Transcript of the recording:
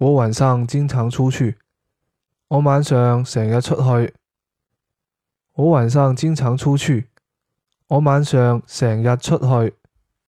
我晚上經常出去，我晚上成日出去，我晚上經常出去，我晚上成日出去。